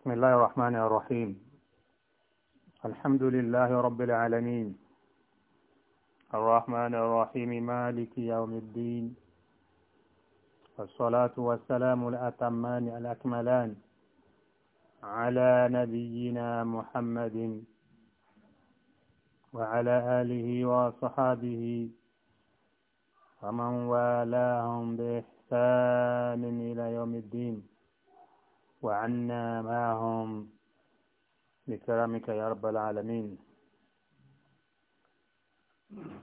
بسم الله الرحمن الرحيم الحمد لله رب العالمين الرحمن الرحيم مالك يوم الدين والصلاة والسلام الأتمان الأكملان على نبينا محمد وعلى آله وصحابه ومن والاهم بإحسان إلى يوم الدين وعنا معهم بكرمك يا رب العالمين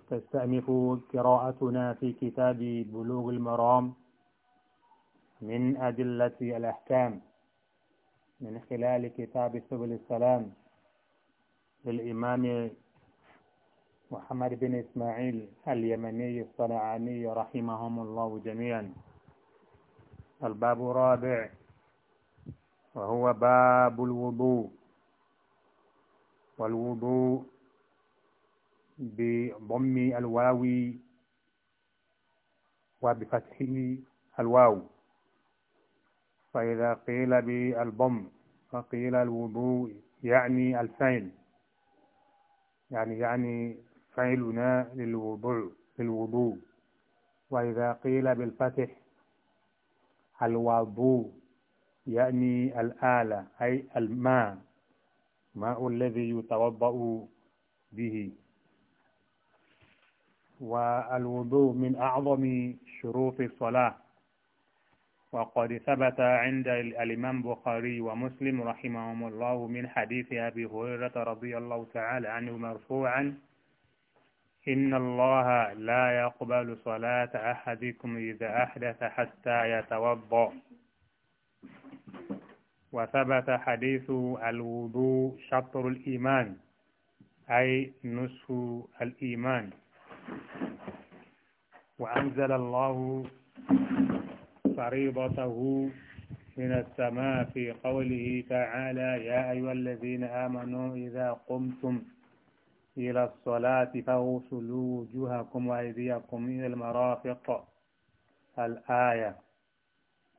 تستأنف قراءتنا في كتاب بلوغ المرام من أدلة الأحكام من خلال كتاب سبل السلام للإمام محمد بن إسماعيل اليمني الصنعاني رحمهم الله جميعا الباب الرابع وهو باب الوضوء والوضوء بضم الواو وبفتح الواو فإذا قيل بالضم فقيل الوضوء يعني الفعل يعني يعني فعلنا للوضوء للوضوء وإذا قيل بالفتح الوضوء يعني الآلة أي الماء ماء الذي يتوضأ به والوضوء من أعظم شروط الصلاة وقد ثبت عند الإمام بخاري ومسلم رحمهم الله من حديث أبي هريرة رضي الله تعالى عنه مرفوعا إن الله لا يقبل صلاة أحدكم إذا أحدث حتى يتوضأ وثبت حديث الوضوء شطر الإيمان أي نصف الإيمان وأنزل الله فريضته من السماء في قوله تعالى يا أيها الذين آمنوا إذا قمتم إلى الصلاة فاغسلوا وجوهكم وأيديكم إلى المرافق الآية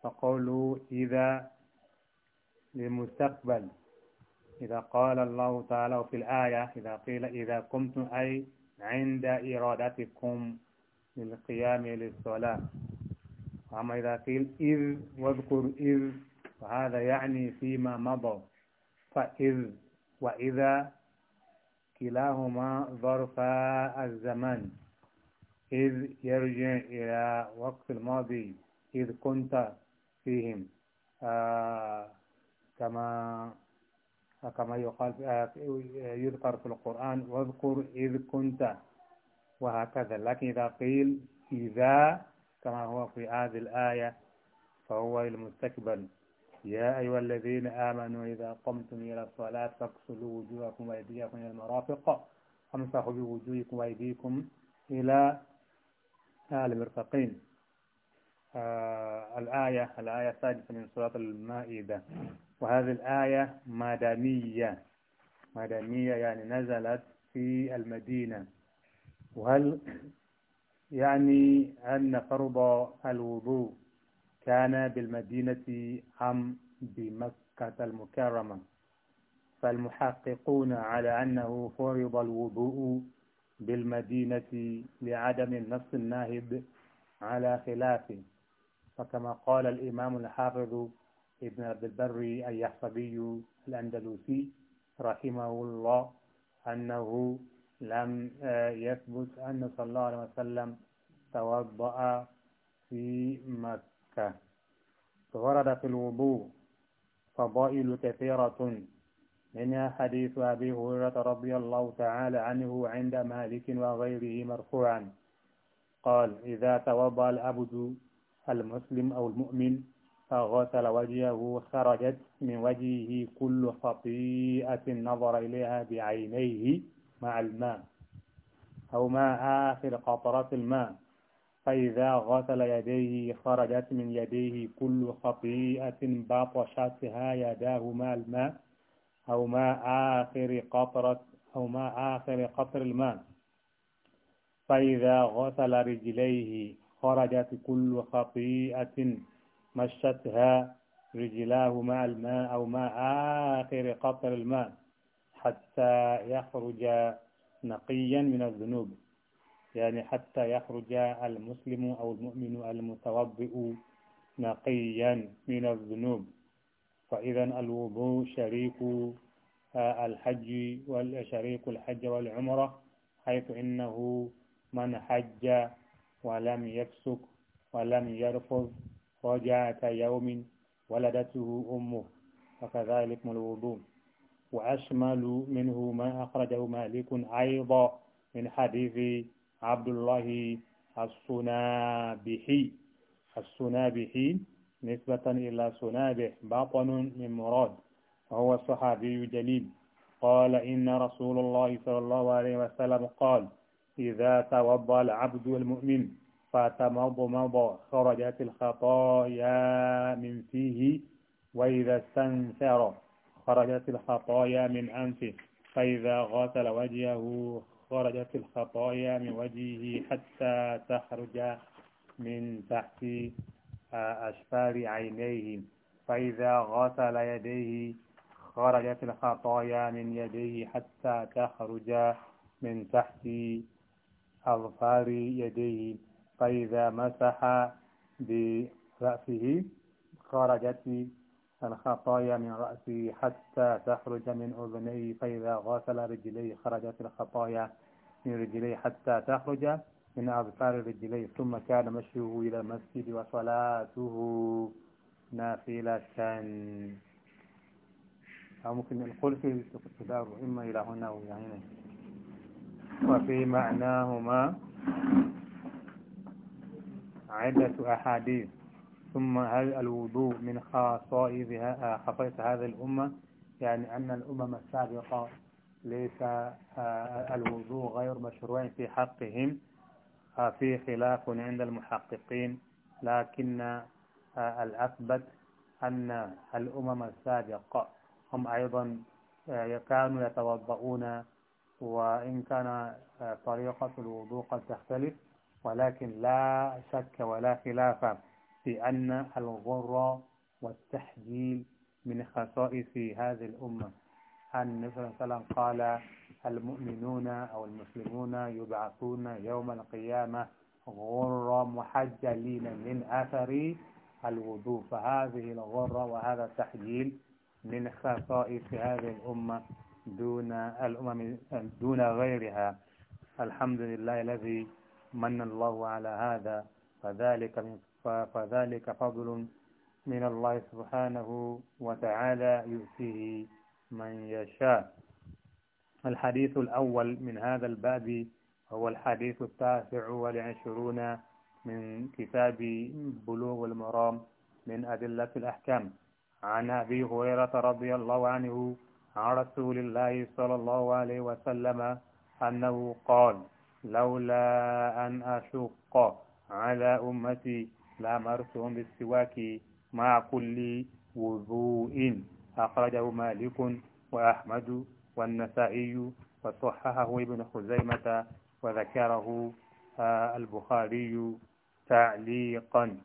فقولوا إذا للمستقبل إذا قال الله تعالى في الآية إذا قيل إذا قمتم أي عند إرادتكم للقيام للصلاة أما إذا قيل إذ واذكر إذ فهذا يعني فيما مضى فإذ وإذا كلاهما ظرفا الزمن إذ يرجع إلى وقت الماضي إذ كنت فيهم آه كما كما يقال يذكر في القرآن واذكر إذ كنت وهكذا لكن إذا قيل إذا كما هو في هذه الآية فهو المستقبل يا أيها الذين آمنوا إذا قمتم إلى الصلاة فاغسلوا وجوهكم وأيديكم إلى المرافق وامسحوا بوجوهكم وأيديكم إلى المرفقين آه، الآية الآية السادسة من سورة المائدة وهذه الآية مدنية مدنية يعني نزلت في المدينة وهل يعني أن فرض الوضوء كان بالمدينة أم بمكة المكرمة فالمحققون على أنه فرض الوضوء بالمدينة لعدم النص الناهب على خلافه فكما قال الإمام الحافظ ابن عبد البر اليحصبي الأندلسي رحمه الله أنه لم آه، يثبت أن صلى الله عليه وسلم توضأ في مكة ورد في الوضوء فضائل كثيرة منها حديث أبي هريرة رضي الله تعالى عنه عند مالك وغيره مرفوعا قال إذا توضأ العبد المسلم أو المؤمن فغسل وجهه خرجت من وجهه كل خطيئة نظر إليها بعينيه مع الماء أو ما آخر قطرات الماء فإذا غسل يديه خرجت من يديه كل خطيئة بطشتها يداه مع الماء أو ما آخر قطرة أو ما آخر قطر الماء فإذا غسل رجليه خرجت كل خطيئة مشتها رجلاه مع الماء أو مع آخر قطر الماء حتى يخرج نقيا من الذنوب يعني حتى يخرج المسلم أو المؤمن المتوضئ نقيا من الذنوب فإذا الوضوء شريك آه، الحج والشريك الحج والعمرة حيث إنه من حج ولم يفسق ولم يرفض رجعة يوم ولدته أمه وكذلك من الوضوء وأشمل منه ما أخرجه مالك أيضا من حديث عبد الله الصنابحي الصنابحي نسبة إلى صنابح بطن من مراد وهو صحابي جليل قال إن رسول الله صلى الله عليه وسلم قال إذا توضأ العبد المؤمن فتمضمض خرجت الخطايا من فيه وإذا استنثر خرجت الخطايا من أنفه فإذا غسل وجهه خرجت الخطايا من وجهه حتى تخرج من تحت آه، أشفار عينيه فإذا غسل يديه خرجت الخطايا من يديه حتى تخرج من تحت أظفار يديه فإذا مسح برأسه خرجت الخطايا من رأسه حتى تخرج من أذنيه فإذا غسل رجليه خرجت الخطايا من رجليه حتى تخرج من أظفار رجليه ثم كان مشيه إلى المسجد وصلاته نافلة أو ممكن نقول في الكتاب إما إلى هنا أو إلى هنا وفي معناهما عدة أحاديث ثم هل الوضوء من خصائص آه، خصائص هذه الأمة يعني أن الأمم السابقة ليس آه، الوضوء غير مشروع في حقهم آه، في خلاف عند المحققين لكن الأثبت أن الأمم السابقة هم أيضا كانوا يتوضؤون وإن كان آه، طريقة الوضوء قد تختلف ولكن لا شك ولا خلاف في أن الغر والتحجيل من خصائص هذه الأمة أن صلى قال المؤمنون أو المسلمون يبعثون يوم القيامة غر محجلين من أثر الوضوء فهذه الغرة وهذا التحجيل من خصائص هذه الأمة دون الأمم دون غيرها الحمد لله الذي من الله على هذا فذلك من فذلك فضل من الله سبحانه وتعالى يؤتيه من يشاء الحديث الأول من هذا الباب هو الحديث التاسع والعشرون من كتاب بلوغ المرام من أدلة الأحكام عن أبي هريرة رضي الله عنه عن رسول الله صلى الله عليه وسلم أنه قال لولا أن أشق على أمتي لأمرتهم بالسواك مع كل وضوء أخرجه مالك وأحمد والنسائي وصححه ابن خزيمة وذكره آه، البخاري تعليقا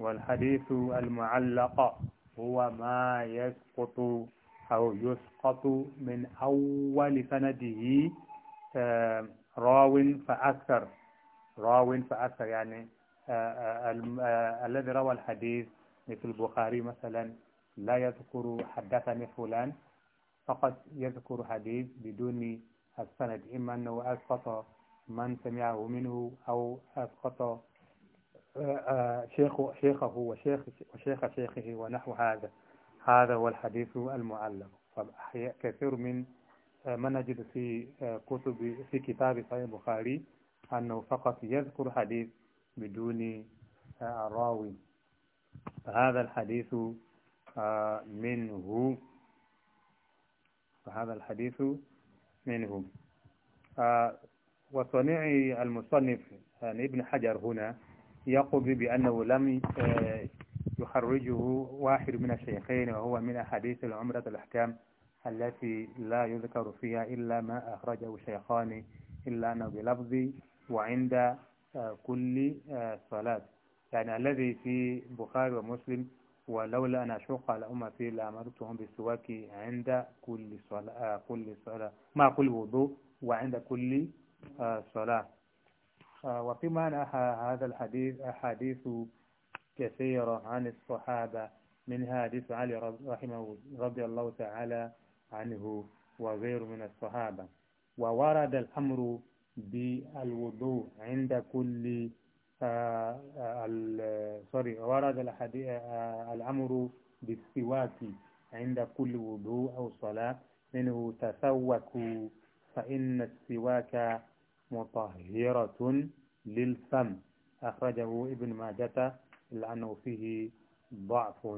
والحديث المعلق هو ما يسقط أو يسقط من أول سنده آه، راو فأكثر راو فأكثر يعني آه، آه، الذي روى الحديث مثل البخاري مثلا لا يذكر حدثني فلان فقط يذكر حديث بدون السند إما أنه أسقط من سمعه منه أو أسقط شيخه وشيخ, وشيخ شيخه ونحو هذا هذا هو الحديث المعلق كثير من آه، ما نجد في آه، كتب في كتاب صحيح البخاري أنه فقط يذكر حديث بدون آه، الراوي فهذا الحديث منه فهذا الحديث منه وصنيع المصنف يعني ابن حجر هنا يقول بأنه لم يخرجه واحد من الشيخين وهو من أحاديث العمرة الأحكام التي لا يذكر فيها إلا ما أخرجه الشيخان إلا أنه بلفظ وعند آه، كل آه، صلاة يعني الذي في بخاري ومسلم ولولا أن أشق على أمتي لأمرتهم بالسواك عند كل صلاة آه، كل صلاة مع كل وضوء وعند كل صلاة وفي معنى هذا الحديث أحاديث كثيرة عن الصحابة منها حديث علي رحمه رضي الله تعالى عنه وغيره من الصحابة وورد الأمر بالوضوء عند كل آه، آه، سوري ورد آه، الأمر بالسواك عند كل وضوء أو صلاة منه تسوكوا فإن السواك مطهرة للفم أخرجه ابن ماجة إلا أنه فيه ضعف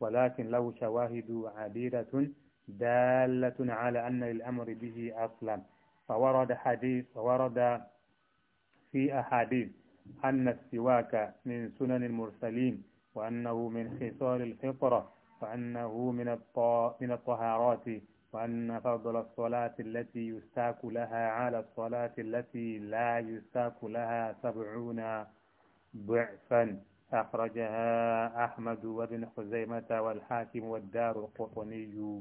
ولكن له شواهد عديدة دالة على أن الأمر به أصلا فورد حديث فورد في أحاديث أن السواك من سنن المرسلين وأنه من خصال الفطرة وأنه من من الطهارات وأن فضل الصلاة التي يستاك لها على الصلاة التي لا يستاك لها سبعون ضعفا أخرجها أحمد وابن خزيمة والحاكم والدار القطني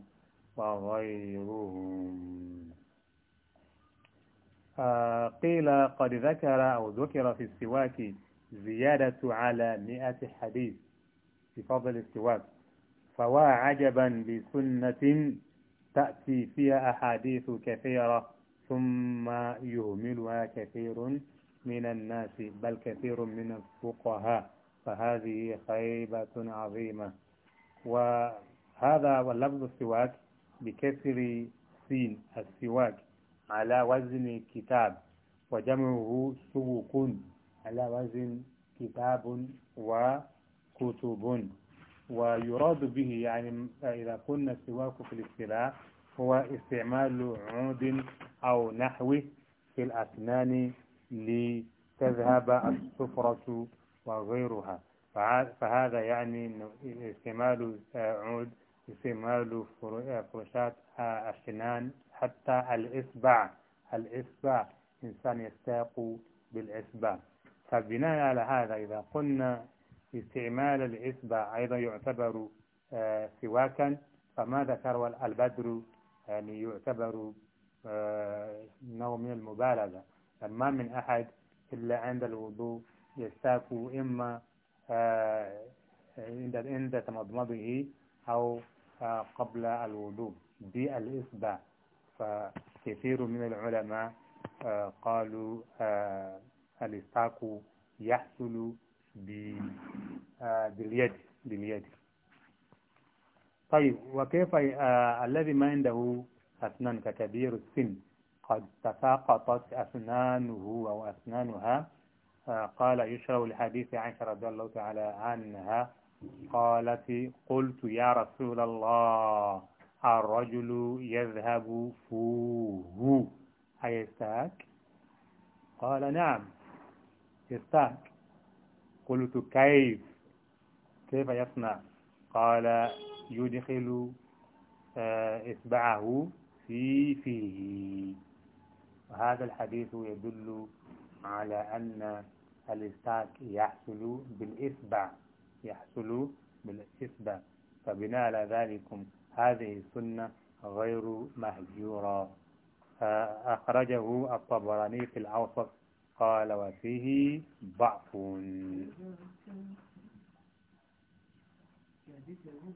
وغيرهم آه قيل قد ذكر أو ذكر في السواك زيادة على مئة حديث في فضل السواك فوا عجبا بسنة تأتي فيها أحاديث كثيرة ثم يهملها كثير من الناس بل كثير من الفقهاء فهذه خيبة عظيمة وهذا واللفظ السواك بكسر سين السواك على وزن كتاب وجمعه سوق على وزن كتاب وكتب ويراد به يعني إذا قلنا السواك في الاستلاء هو استعمال عود أو نحوه في الأسنان لتذهب السفرة وغيرها فهذا يعني استعمال آه، عود استعمال آه، فرشات آه، السنان حتى الإصبع الإصبع إنسان يستاق بالإصبع فبناء على هذا إذا قلنا استعمال الإصبع أيضا يعتبر سواكا فما ذكر البدر يعني يعتبر نوع من المبالغة ما من أحد إلا عند الوضوء يستاكو إما آه، عند عند تمضمضه أو آه، قبل الوضوء بالإصبع فكثير من العلماء آه، قالوا الاستاكو يحصل باليد باليد طيب وكيف الذي ما عنده أسنان ككبير السن قد تساقطت أسنانه أو أسنانها قال يشرع لحديث عائشة رضي الله تعالى عنها قالت قلت يا رسول الله الرجل يذهب فوه أيستاك قال نعم يستاك قلت كيف كيف يصنع قال يدخل آه، إصبعه في فيه وهذا الحديث يدل على أن الإستعك يحصل بالإسبع يحصل بالإسبع فبناء على ذلك هذه السنة غير مهجورة أخرجه الطبراني في الأوسط قال وفيه ضعف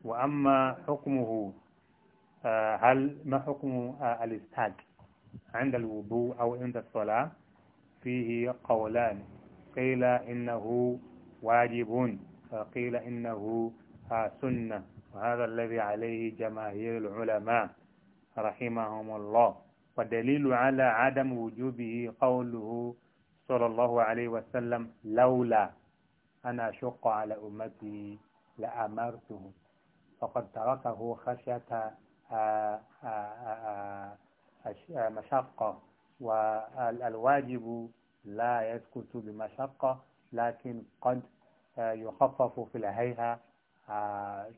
وأما حكمه آه، هل ما حكم آه، الاستاج عند الوضوء أو عند الصلاة فيه قولان قيل إنه واجب وقيل إنه سنة وهذا الذي عليه جماهير العلماء رحمهم الله ودليل على عدم وجوبه قوله صلى الله عليه وسلم لولا أن أشق على أمتي لأمرتهم فقد تركه خشية آه، آه، آه، مشقة والواجب لا يسكت بمشقة لكن قد آه، يخفف في الهيها آه،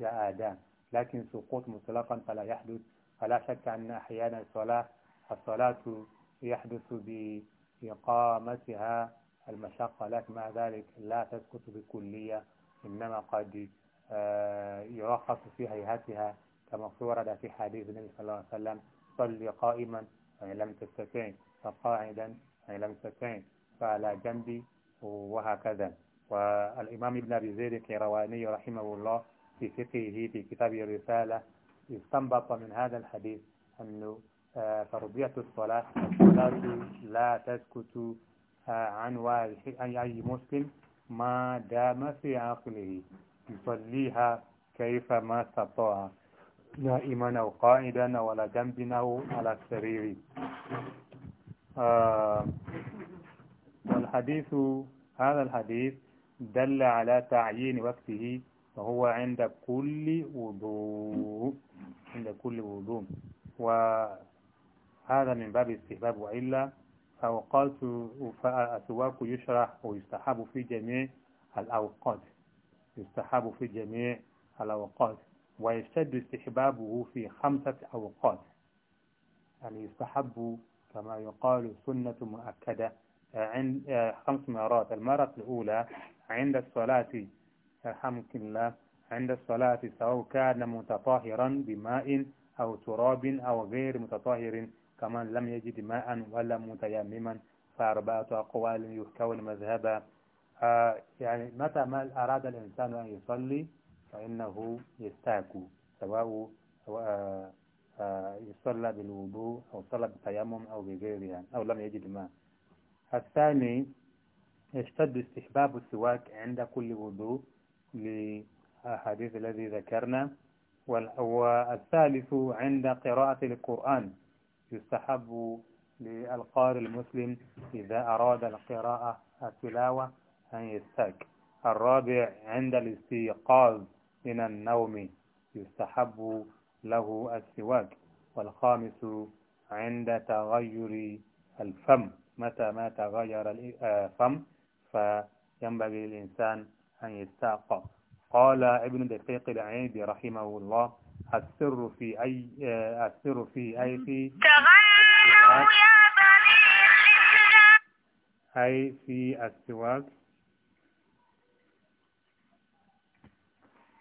آدان لكن سقوط مطلقا فلا يحدث فلا شك أن أحيانا الصلاة الصلاة يحدث بإقامتها المشقة لكن مع ذلك لا تسكت بكلية إنما قد آه، يرخص في هيهاتها كما ورد في حديث النبي صلى الله عليه وسلم صل قائما يعني لم تستطع فقاعدا يعني لم تستطع فعلى جنبي وهكذا والإمام ابن أبي زيد الكيرواني رحمه الله في فقهه في كتابه الرسالة استنبط من هذا الحديث أنه آه، فرضية الصلاة الصلاة لا تسكت آه، عن أي مسلم ما دام في عقله يصليها كيفما استطاع نائما أو قائدا أو على جنب أو على السرير آه، والحديث هذا الحديث دل على تعيين وقته وهو عند كل وضوء عند كل وضوء وهذا من باب استحباب وإلا أوقات فالسواك يشرح ويستحب في جميع الأوقات يستحب في جميع الأوقات ويشتد استحبابه في خمسة أوقات يعني يستحب كما يقال سنة مؤكدة آه، عند آه، خمس مرات المرة الأولى عند الصلاة يرحمك الله عند الصلاة سواء كان متطهرا بماء أو تراب أو غير متطهر كمان لم يجد ماء ولا متيمما فأربعة أقوال يحكون مذهبا آه، يعني متى ما أراد الإنسان أن يصلي فإنه يستاك سواء آه، يصلى بالوضوء أو صلى بالتيمم أو بغيرها أو لم يجد ماء الثاني يشتد استحباب السواك عند كل وضوء للحديث الذي ذكرنا والثالث عند قراءة القرآن يستحب للقارئ المسلم إذا أراد القراءة التلاوة أن يستاك الرابع عند الاستيقاظ من النوم يستحب له السواك والخامس عند تغير الفم متى ما تغير الفم آه، فينبغي للإنسان أن يستاق قال ابن دقيق العيد رحمه الله السر في أي آه، السر في أي في أي في السواك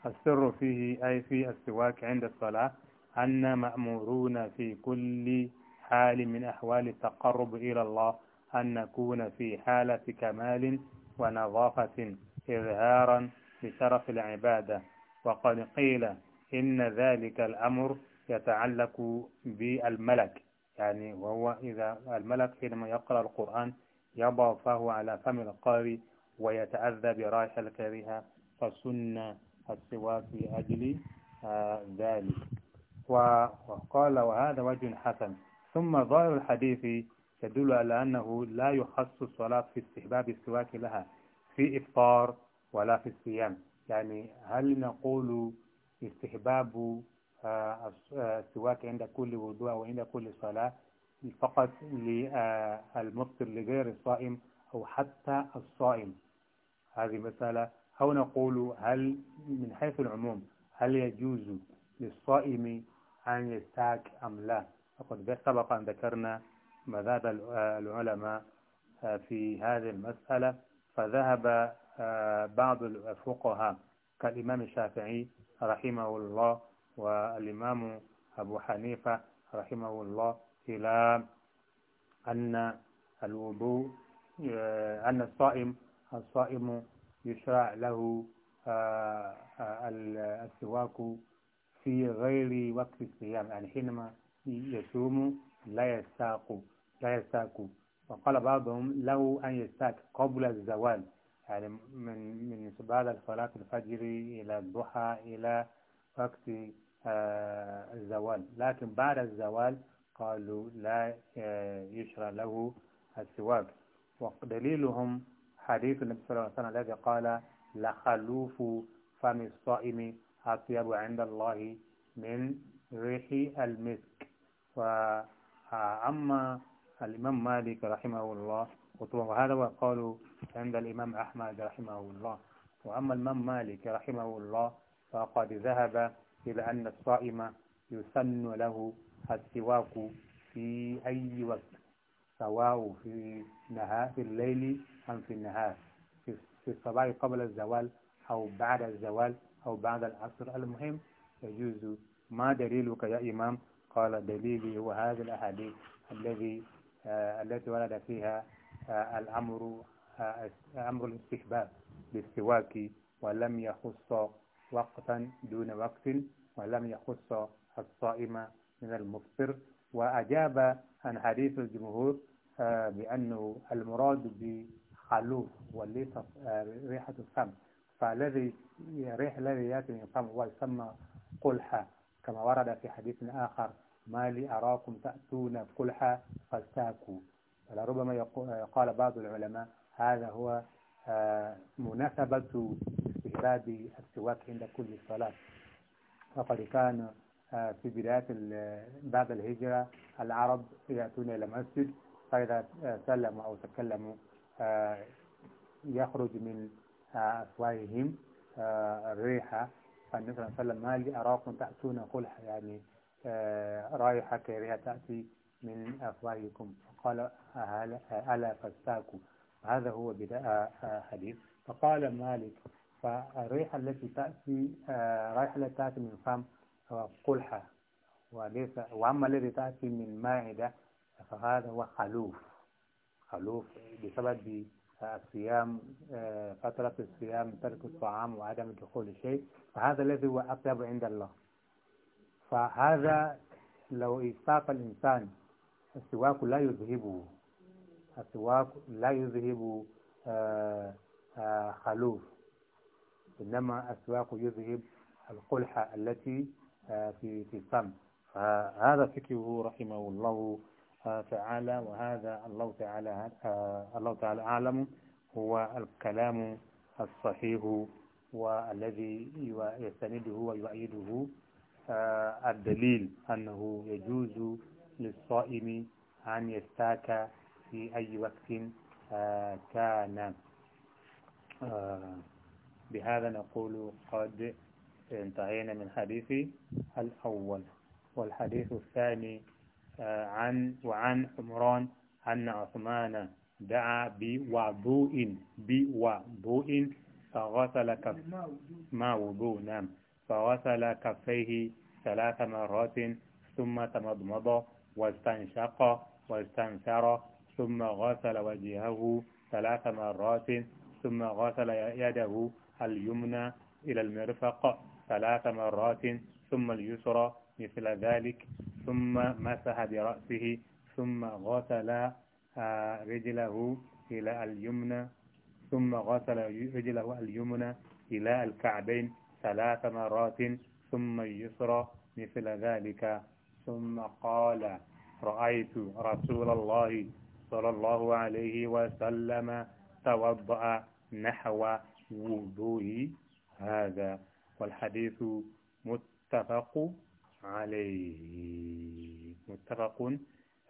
السر فيه أي في السواك عند الصلاة أن مأمورون في كل حال من أحوال التقرب إلى الله أن نكون في حالة كمال ونظافة إظهارا لشرف العبادة وقد قيل إن ذلك الأمر يتعلق بالملك يعني وهو إذا الملك حينما يقرأ القرآن يضع فهو على فم القارئ ويتأذى برائحة الكريهة فسنة السواك لأجل آه، ذلك وقال وهذا وجه حسن ثم ظاهر الحديث يدل على أنه لا يخص الصلاة في استحباب السواك لها في إفطار ولا في الصيام يعني هل نقول استحباب آه، آه، السواك عند كل وضوء وعند كل صلاة فقط للمفطر لغير الصائم أو حتى الصائم هذه مسألة أو نقول هل من حيث العموم هل يجوز للصائم أن يستاك أم لا وقد سبق أن ذكرنا مذهب آه، العلماء آه، في هذه المسألة فذهب آه، بعض الفقهاء كالإمام الشافعي رحمه الله والإمام أبو حنيفة رحمه الله إلى أن الوضوء أن الصائم الصائم يشرع له آه، آه، السواك في غير وقت الصيام يعني حينما يصوم لا يستاق لا يستاق وقال بعضهم له أن يستاق قبل الزوال يعني من من بعد صلاة الفجر إلى الضحى إلى وقت آه، الزوال لكن بعد الزوال قالوا لا يشرع له السواك ودليلهم حديث النبي صلى الله عليه وسلم الذي قال لخلوف فم الصائم أطيب عند الله من ريح المسك فأما آه، الإمام مالك رحمه الله وهذا هو قول عند الإمام أحمد رحمه الله وأما الإمام مالك رحمه الله فقد ذهب إلى أن الصائم يسن له السواك في أي وقت سواء في نهار في الليل أم في النهار في, في الصباح قبل الزوال أو بعد الزوال أو بعد العصر المهم يجوز ما دليلك يا إمام قال دليلي هو هذا الأحاديث الذي آه التي ورد فيها آه الأمر آه أمر الاستحباب بالسواك ولم يخص وقتا دون وقت ولم يخص الصائم من المفطر وأجاب عن حديث الجمهور آه، بأنه المراد بخلوف وليس آه، ريحة الفم فالذي ريح الذي يأتي من الفم هو يسمى قلحة كما ورد في حديث آخر ما لي أراكم تأتون قلحة فاستاكوا فلربما آه، قال بعض العلماء هذا هو مناسبة استهباب السواك عند كل صلاة وقد كان آه، في بداية بعد الهجرة العرب يأتون إلى مسجد فإذا سلموا أو تكلموا آه، يخرج من أفواههم آه، الريحة فالنبي صلى الله عليه وسلم لي أراكم تأتون قلح يعني رائحة كريهة تأتي من أفواهكم فقال ألا فاستاكم هذا هو بداء حديث فقال مالك فالريحة التي تأتي رائحة التي تأتي من فم قلحة وليس وأما الذي تأتي من ماعدة فهذا هو خلوف خلوف بسبب الصيام آه، فترة الصيام ترك الطعام وعدم دخول الشيء فهذا الذي هو أطيب عند الله فهذا لو استاق الإنسان السواك لا يذهبه السواك لا يذهب آه، آه، خلوف إنما السواك يذهب القلحة التي في في الفم فهذا فكره رحمه الله آه، تعالى وهذا الله تعالى آه، الله تعالى أعلم هو الكلام الصحيح والذي يستنده ويؤيده آه، الدليل أنه يجوز للصائم أن يستاك في أي وقت كان بهذا نقول قد انتهينا من حديث الأول والحديث الثاني آه، عن وعن عمران أن عثمان دعا بوضوء بوضوء فغسل كف ما وضوء نعم فغسل كفيه ثلاث مرات ثم تمضمض واستنشق واستنثر ثم غسل وجهه ثلاث مرات ثم غسل يده اليمنى إلى المرفق ثلاث مرات ثم اليسرى مثل ذلك ثم مسح برأسه ثم غسل آه، رجله إلى اليمنى ثم غسل رجله اليمنى إلى الكعبين ثلاث مرات ثم اليسرى مثل ذلك ثم قال رأيت رسول الله صلى الله عليه وسلم توضأ نحو وضوء هذا والحديث متفق عليه متفق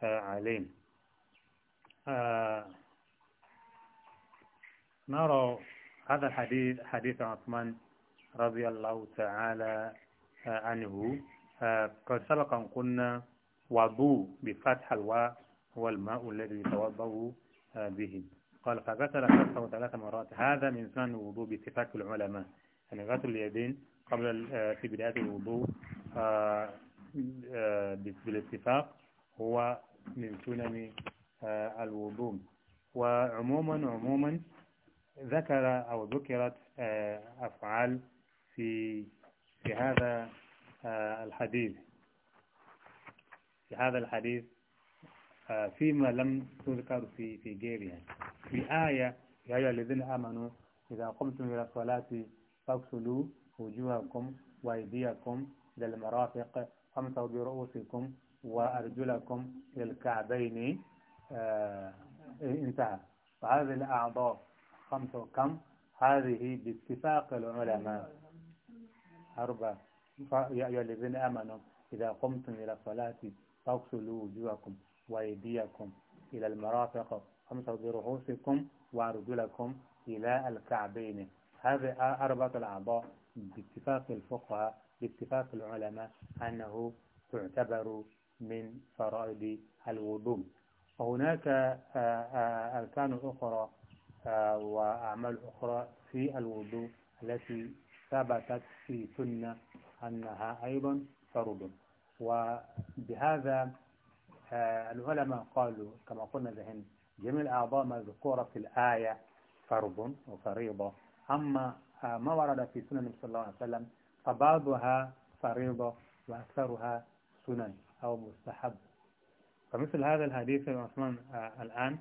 عليه آه، نرى هذا الحديث حديث عثمان رضي الله تعالى آه، عنه آه، قد سبق أن قلنا وضوء بفتح الواء هو الماء الذي يتوضأ به قال فغسل خمسه ثلاث مرات هذا من سنن الوضوء باتفاق العلماء يعني غسل اليدين قبل آه، في بداية الوضوء آه، آه، بالاتفاق هو من سنن الوضوء وعموما عموما ذكر أو ذكرت أفعال في في هذا الحديث في هذا الحديث فيما لم تذكر في في غيرها في آية يا أيها الذين آمنوا إذا قمتم إلى الصلاة فاغسلوا وجوهكم وأيديكم إلى المرافق وامسحوا برؤوسكم وأرجلكم إلى الكعبين آه انتهى فهذه الأعضاء خمسة كم هذه باتفاق العلماء أربعة يا أيها الذين آمنوا إذا قمتم إلى الصلاة فاغسلوا وجوهكم وأيديكم إلى المرافق وامسحوا برؤوسكم وأرجلكم إلى الكعبين هذه أربعة الأعضاء باتفاق الفقهاء باتفاق العلماء أنه تعتبر من فرائض الوضوء وهناك أركان أخرى وأعمال أخرى في الوضوء التي ثبتت في سنة أنها أيضا فرض وبهذا العلماء قالوا كما قلنا ذهن جميع الأعضاء مذكورة في الآية فرض وفريضة أما آه، ما ورد في سنن صلى الله عليه وسلم فبعضها فريضة وأكثرها سنن أو مستحب فمثل هذا الحديث يا عثمان آه، الآن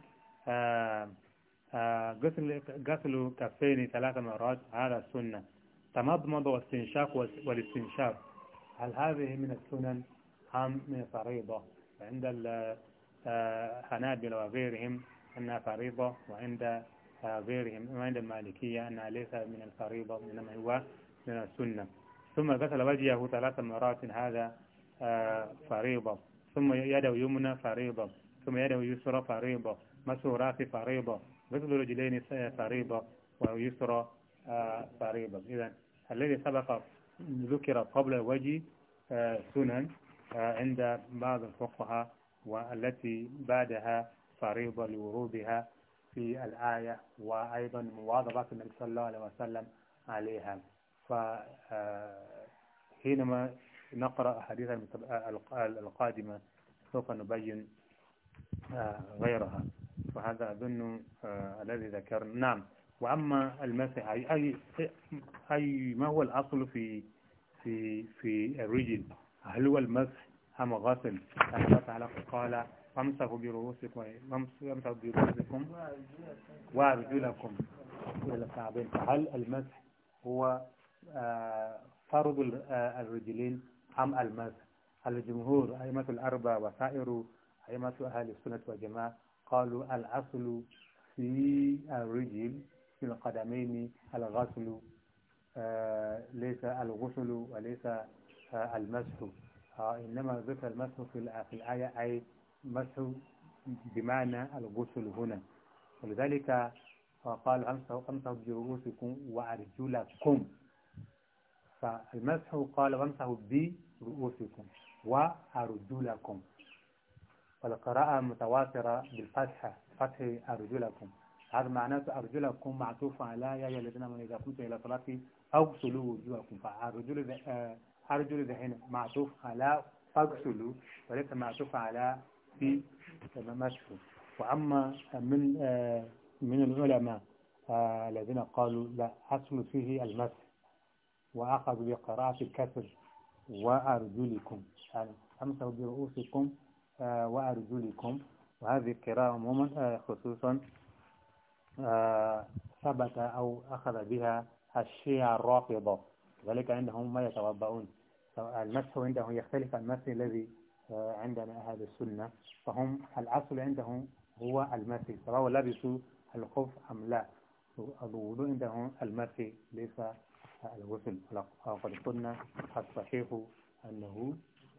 غسل آه، غسل كفين ثلاث مرات هذا سنة تمضمض واستنشاق والاستنشاق هل هذه من السنن أم من فريضة عند الحنابلة وغيرهم أنها فريضة وعند غيرهم عند المالكية أنها ليس من الفريضة وإنما هو من السنة ثم غسل وجهه ثلاث مرات هذا آه، فريضة ثم يده يمنى فريضة ثم يده يسرى فريضة مسح راس فريضة غسل رجلين فريضة ويسرى آه، فريضة إذا الذي سبق ذكر قبل الوجه آه، سنن عند بعض الفقهاء والتي بعدها فريضة لورودها في الآية وأيضا مواظبة النبي صلى الله عليه وسلم عليها فحينما آه، نقرأ حديث القادمة سوف نبين آه، غيرها فهذا أظن آه، الذي ذكرنا نعم وأما المسح أي أي ما هو الأصل في في في الرجل هل هو المسح أم غسل؟ الله تعالى قال وامسحوا برؤوسكم وامسحوا برؤوسكم وارجلكم الى الكعبين فهل المسح هو آه، فرض آه، الرجلين ام المسح الجمهور ائمه الاربعه وسائر ائمه اهل السنه والجماعه قالوا الاصل في الرجل في القدمين الغسل آه، ليس الغسل وليس المسح إنما ذكر المسح في الآية أي مسح بمعنى الغسل هنا ولذلك قال امسحوا برؤوسكم وارجلكم فالمسح قال امسحوا برؤوسكم وارجلكم والقراءة متواترة بالفتحة فتح أرجلكم هذا معناه أرجلكم معطوف على يا أيها الذين آمنوا إذا قمتم إلى الصلاة أغسلوا وجوهكم فأرجل أرجل ذهن معطوف على فاغسلوا وليس معطوف على في مشفو وأما من من العلماء آه، الذين قالوا لا أصل فيه المسح وأخذوا بقراءة الكسر وأرجلكم يعني أمسوا برؤوسكم آه، وأرجلكم وهذه القراءة عموما آه، خصوصا ثبت أو أخذ بها الشيعة الرافضة ذلك عندهم ما يتوضؤون المسح عنده يختلف عن المسح الذي آه، عندنا أهل السنة فهم الأصل عندهم هو المسي سواء لبسوا الخف أم لا الوضوء عندهم المسي ليس الغسل وقد قلنا الصحيح أنه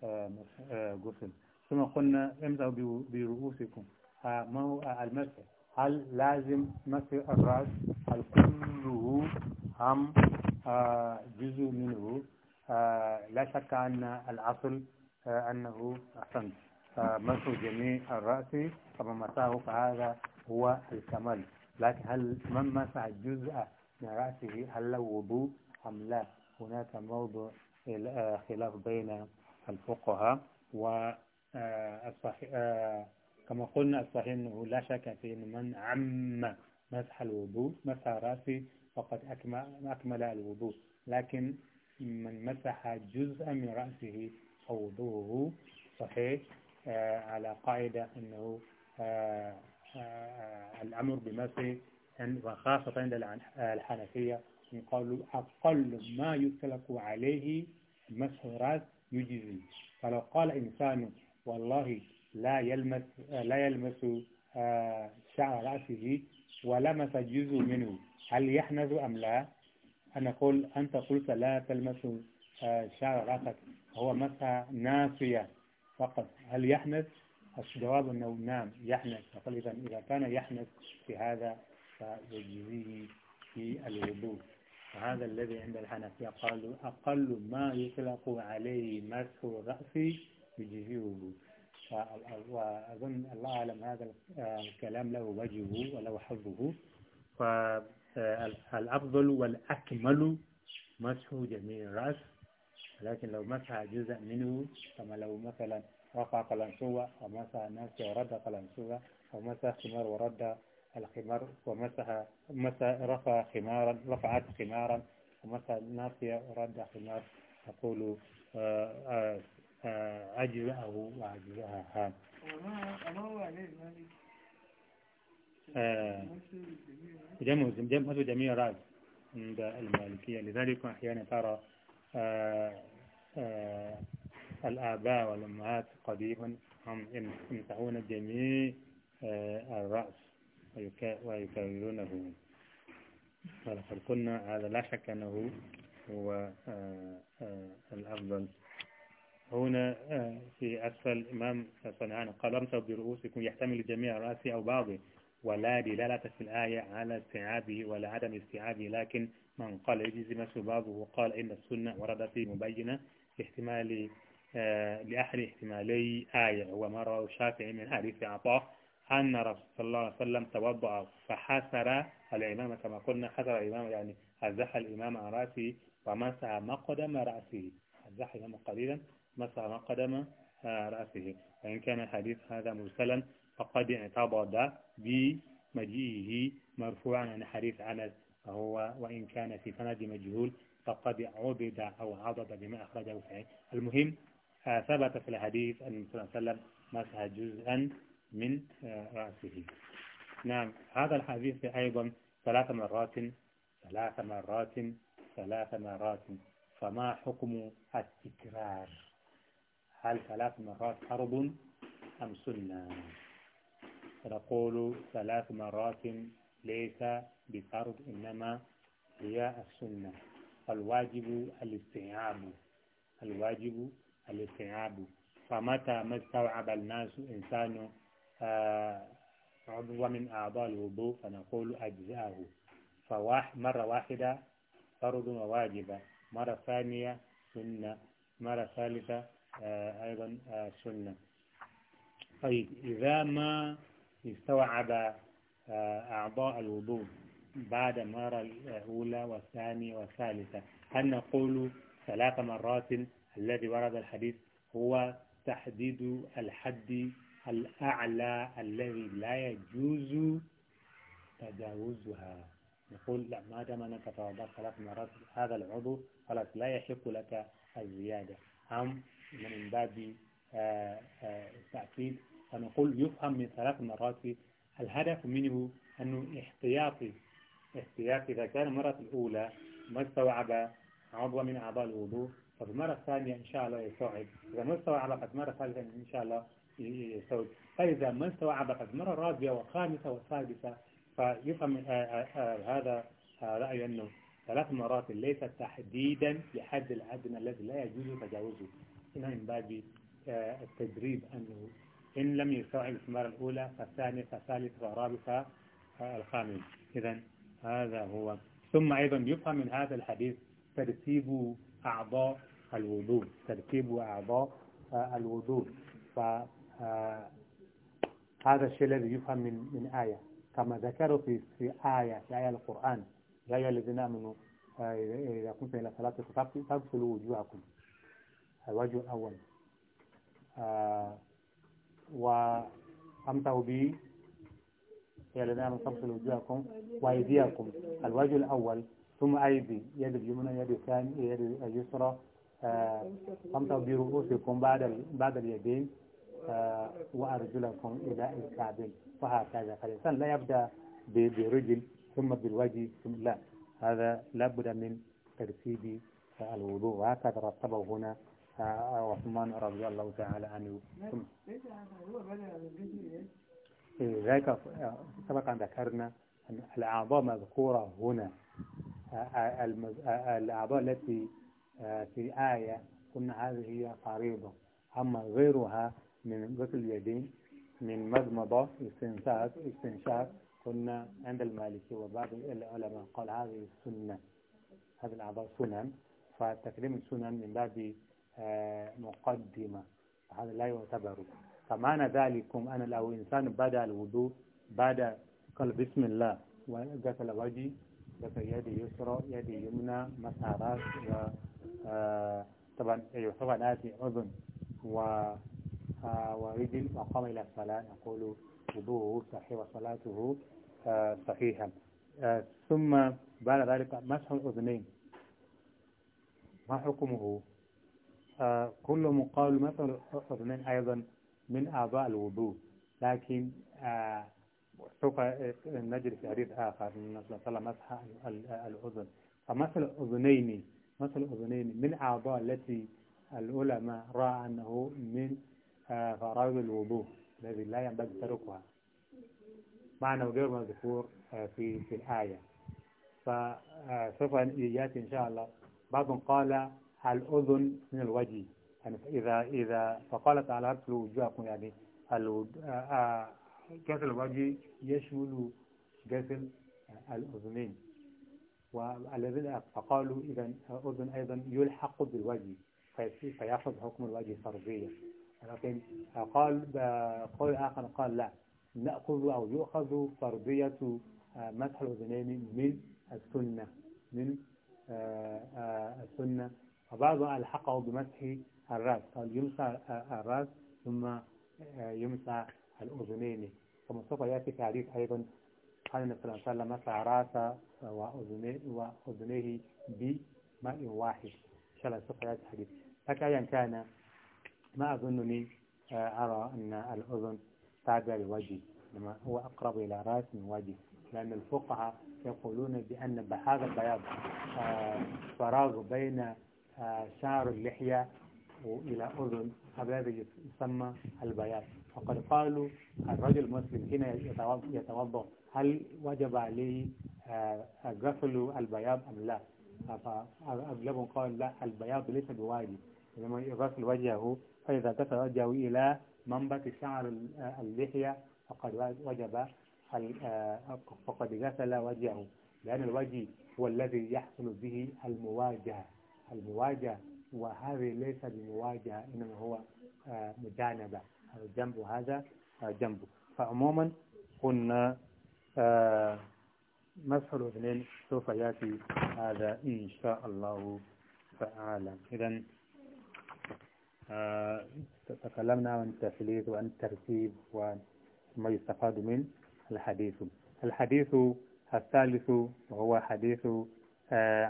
آه، آه، غسل ثم قلنا امزعوا برؤوسكم ما هو المسي هل لازم مسي الرأس هل كله أم جزء منه لا شك أن الأصل أنه أحسن مسح جميع الرأس فمن مساه فهذا هو الكمال لكن هل من مسح جزء من رأسه هل له وضوء أم لا هناك موضوع خلاف بين الفقهاء و آه، آه، كما قلنا الصحيح أنه لا شك في أن من عم مسح الوضوء مسح رأسه فقد أكمل الوضوء لكن من مسح جزءا من رأسه فوضوه صحيح آه، على قاعدة أنه آه، آه، الأمر بمسح وخاصة عند الحنفية قالوا أقل ما يطلق عليه مسح يجزي فلو قال إنسان والله لا يلمس لا يلمس شعر رأسه ولمس جزء منه هل يحنز أم لا؟ أنا أقول أنت قلت لا تلمس شعر رأسك هو مسح ناسية فقط هل يحنث الجواب أنه نعم يحنث فقال إذا إذا كان يحنث في هذا فيجزيه في الوضوء وهذا الذي عند الحنفية قالوا أقل ما يطلق عليه مسح الرأس يجزيه الوضوء وأظن الله أعلم هذا الكلام له وجهه وله حظه فالأفضل والأكمل مسح جميع الرأس لكن لو مسح جزء منه كما لو مثلا رفع قلنسوة أو مسح ناس ورد قلنسوة أو مسح خمار ورد الخمار ومسح مسح رفع خمارا رفعت خمارا ومسح ناصية ورد خمار أقول آه، آه، آه، أجزأه وأجزأها يعني جمع جمع جميع راج عند المالكية لذلك أحيانا ترى آه، آه، الآباء والأمهات قديما هم يمسحون جميع آه، الرأس ويكررونه ولقد قلنا هذا لا شك أنه هو الأفضل هنا في أسفل الإمام صنعان قال لم برؤوسكم يحتمل جميع رأسي أو بعضه ولا دلالة في الآية على استيعابه ولا عدم استيعابه لكن من نعم، قال يجيز مثل بابه وقال إن السنة وردت في مبينة احتمال آه، لأحد احتمالي آية هو ما رواه الشافعي من حديث عطاء أن رسول الله صلى الله عليه وسلم توضأ فحسر الإمام كما قلنا حسر الإمام يعني أزح الإمام عن رأسه ومسع مقدم رأسه أزح الإمام قليلا مسع مقدم آه، رأسه وإن كان الحديث هذا مرسلا فقد اعتبض بمجيئه مرفوعا عن حديث أنس فهو وإن كان في سند مجهول فقد عبد أو عضد بما أخرجه صحيح المهم آه، ثبت في الحديث أن صلى الله عليه وسلم مسح جزءا من آه، رأسه نعم هذا الحديث أيضا ثلاث مرات ثلاث مرات ثلاث مرات فما حكم التكرار هل ثلاث مرات حرب أم سنة نقول ثلاث مرات ليس بفرض إنما هي السنة فالواجب الاستيعاب الواجب الاستيعاب فمتى ما استوعب الناس إنسان آه، عضو من أعضاء الوضوء فنقول أجزاءه فواح مرة واحدة فرض وواجب مرة ثانية سنة مرة ثالثة آه، أيضا آه، سنة طيب إذا ما استوعب أعضاء الوضوء بعد المرة الأولى والثانية والثالثة هل نقول ثلاث مرات الذي ورد الحديث هو تحديد الحد الأعلى الذي لا يجوز تجاوزها نقول لا ما دام أنك توضأت ثلاث مرات هذا العضو خلاص لا يحق لك الزيادة أم من باب آه، آه، التأكيد فنقول يفهم من ثلاث مرات الهدف منه أنه احتياطي احتياط إذا كان المرة الأولى ما استوعب عضو من أعضاء الوضوء ففي المرة الثانية إن شاء الله يستوعب إذا ما استوعب قد مرة ثالثة إن شاء الله يستوعب فإذا ما استوعب قد مرة الرابعة والخامسة والسادسة فيفهم آه، آه، آه، هذا رأي أنه ثلاث مرات ليست تحديدا لحد الأدنى الذي لا يجوز تجاوزه هنا من باب التدريب أنه إن لم يستوعب في المرة الأولى فالثانية فالثالثة والرابعة الخامسة إذا هذا هو ثم أيضا يفهم من هذا الحديث ترتيب أعضاء الوضوء ترتيب أعضاء آه، الوضوء ف آه، هذا الشيء الذي يفهم من من آية كما ذكروا في في آية في آية القرآن يا أيها الذين آمنوا آه، إذا قمتم إلى صلاة فاغسلوا وجوهكم الوجه الأول وأمتوا به هي لنا من وجهكم وجوهكم وأيديكم الوجه الأول ثم أيدي يد اليمنى يد الثاني يد اليسرى آه، فامتوا برؤوسكم بعد بعد اليدين آه، وأرجلكم إلى الكعبين وهكذا فالإنسان لا يبدأ برجل ثم بالوجه ثم لا هذا لابد من ترتيب الوضوء وهكذا رتبه هنا آه، عثمان رضي الله تعالى عنه ثم لذلك سبق أن ذكرنا أن الأعضاء مذكورة هنا الأعضاء التي في الآية قلنا هذه هي فريضة أما غيرها من غسل اليدين من مضمضة استنشاق استنشاق قلنا عند المالكي وبعض العلماء قال هذه السنة هذه الأعضاء سنن فتكريم السنن من باب آه، مقدمة وهذا لا يعتبر فمعنى ذلكم أن لو إنسان بدأ الوضوء بعد قال بسم الله وغسل وجهي غسل يدي يسرى يدي يمنى مسح راس و آه، طبعا أيوة، طبعا هذه أذن و آه، ورجل وقام إلى الصلاة يقول وضوءه صحيح وصلاته آه، صحيحة ثم بعد ذلك مسح الأذنين ما حكمه كل مقال مثل الأذنين أيضا من أعضاء الوضوء لكن آه، سوف آه، نجد في حديث آخر أن صلى الله مسح الأذن فمثل الأذنين مثل الأذنين من أعضاء التي العلماء رأى أنه من آه، فرائض الوضوء الذي لا ينبغي تركها معنى غير مذكور في في الآية فسوف يأتي إن شاء الله بعض قال الأذن من الوجه يعني إذا إذا فقال تعالى اقتلوا وجوهكم يعني غسل آه، آه، الوجه يشمل غسل الأذنين والذين فقالوا إذا الأذن أيضا يلحق بالوجه فيأخذ حكم الوجه فرضيا لكن قال قول آخر قال لا نأخذ أو يؤخذ فرضية آه، مسح الأذنين من السنة من السنة وبعضها ألحقه بمسح الرأس قال يمسح الرأس ثم آه، يمسح الأذنين سوف يأتي تعريف أيضا قال النبي صلى الله عليه وسلم مسح رأسه وأذنيه بماء واحد إن شاء الله سوف يأتي الحديث لكن أيا كان ما أظنني آه، أرى أن الأذن تابع الوجه لما هو أقرب إلى رأس من وجه لأن الفقهاء يقولون بأن هذا البياض آه، فراغ بين شعر اللحية إلى أذن هذا يسمى البياض وقد قالوا الرجل المسلم حين يتوضأ هل وجب عليه آه، غسل البياض أم لا فأغلبهم قال لا البياض ليس بواجب إنما يغسل وجهه فإذا غسل وجهه إلى منبت شعر آه، اللحية فقد وجب آه، فقد غسل وجهه لأن الوجه هو الذي يحصل به المواجهة المواجهة وهذه ليس بمواجهة إنما هو آه، مجانبة جنب هذا آه، جنب فعموما قلنا آه، مسح اثنين سوف يأتي هذا إن شاء الله تعالى إذا تكلمنا عن التثليث وعن الترتيب وما يستفاد من الحديث الحديث الثالث وهو حديث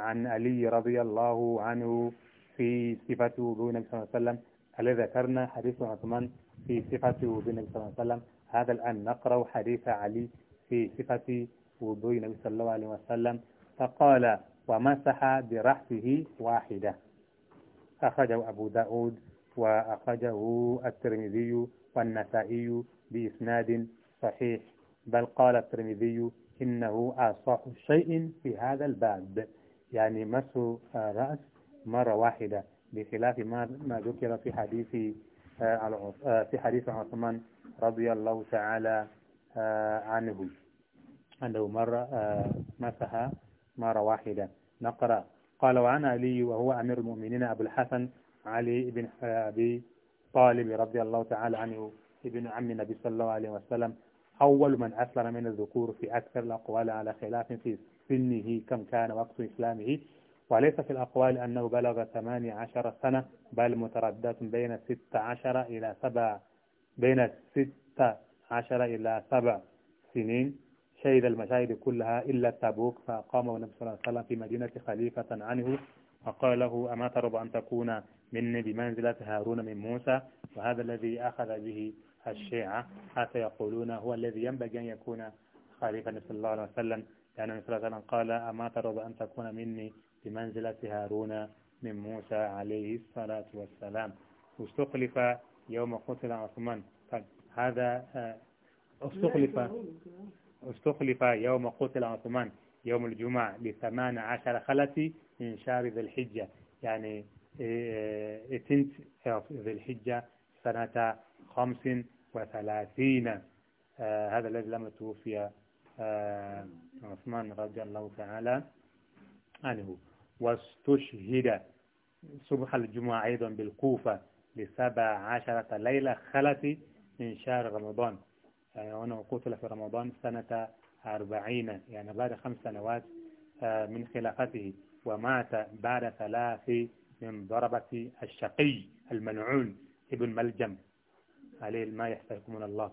عن علي رضي الله عنه في صفة وضوء النبي صلى الله عليه وسلم الذي ذكرنا حديث عثمان في صفة وضوء النبي صلى الله عليه وسلم هذا الآن نقرأ حديث علي في صفة وضوء النبي صلى الله عليه وسلم فقال ومسح برأسه واحدة أخرجه أبو داود وأخرجه الترمذي والنسائي بإسناد صحيح بل قال الترمذي إنه أصح شيء في هذا الباب يعني مس رأس مرة واحدة بخلاف ما ما ذكر في حديث آه، آه، في حديث عثمان رضي الله تعالى آه، عنه أنه مرة مسح مرة واحدة نقرأ قال وعن علي وهو أمير المؤمنين أبو الحسن علي بن أبي طالب رضي الله تعالى عنه ابن عم النبي صلى الله عليه وسلم أول من أسلم من الذكور في أكثر الأقوال على خلاف في سنه كم كان وقت إسلامه وليس في الأقوال أنه بلغ 18 سنة بل متردات بين 16 إلى 7 بين 16 إلى 7 سنين شهد المشاهد كلها إلا تبوك فقام النبي صلى الله عليه وسلم في مدينة خليفة عنه وقال له أما ترضى أن تكون مني بمنزلة هارون من موسى وهذا الذي أخذ به الشيعة حتى يقولون هو الذي ينبغي أن يكون خليفة صلى الله عليه وسلم لأن النبي صلى الله عليه وسلم قال أما ترضى أن تكون مني بمنزلة هارون من موسى عليه الصلاة والسلام استخلف يوم قتل عثمان طيب، هذا آه، استخلف استخلف يوم قتل عثمان يوم الجمعة لثمان عشر خلتي من شهر ذي الحجة يعني اتنت آه، آه، ذي الحجة سنة خمس وثلاثين هذا الذي لما توفي عثمان رضي الله تعالى عنه واستشهد صبح الجمعة أيضا بالكوفة لسبع عشرة ليلة خلت من شهر رمضان آه، هنا قتل في رمضان سنة أربعين يعني بعد خمس سنوات آه، من خلافته ومات بعد ثلاث من ضربة الشقي الملعون ابن ملجم عليه ما يحتركم الله